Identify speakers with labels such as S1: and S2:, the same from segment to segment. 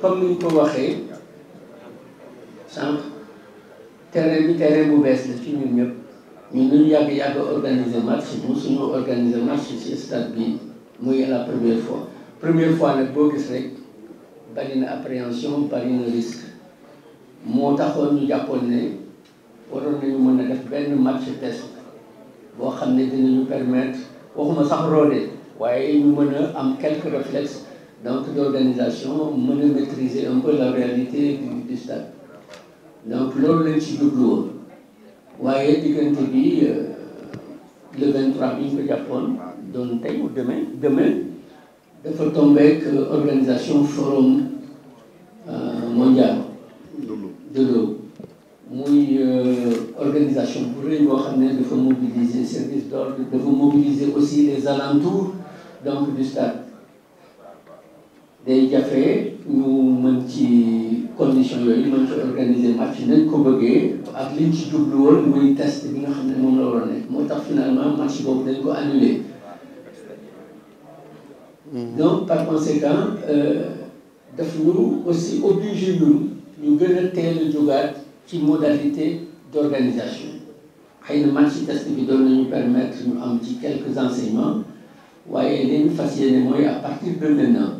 S1: comme nous pouvons dit, sans terrain ni terrain pour baisser, c'est mieux. Mais nous avons organisé un match, nous avons organisé un match c'est ce stade, nous la première fois. La première fois, nous avons eu qu'il appréhension, une appréhension, pas risque. Nous avons dit qu'il y a un Japonais, nous avons fait un match test, pour nous permettre, de nous s'approcher, nous avons quelques réflexes, donc l'organisation mën maîtriser un peu la réalité du stade donc loolu euh, de ci jublu woon le 23 mai au Japon, demain. ou demain demain tomber avec organisation forum euh, mondial de l'eau Oui, euh, organisation pour rëy boo xam mobiliser service d'ordre mobiliser aussi les alentours donc du stade day jafe ñu mën ci condition yooyu mën ci organiser match nañ ko bëggee ak liñ ci jublu woon muy test bi nga xam ne moom la war a nekk moo tax finalement match boobu dañ ko annulé mm-hmm. donc par conséquent euh, daf ñu aussi obligé ñun ñu gën a teel a jógaat ci modalité d' organisation xëy na match test bi doon nañu permettre ñu am ci quelques enseignements waaye li ñu fas yéene mooy à partir de maintenant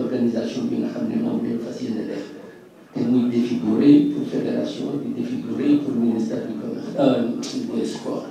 S1: organisation d'une nga xam facile le lañ et très def te pour fédération et défi pour ministère du commerce euh, des sport.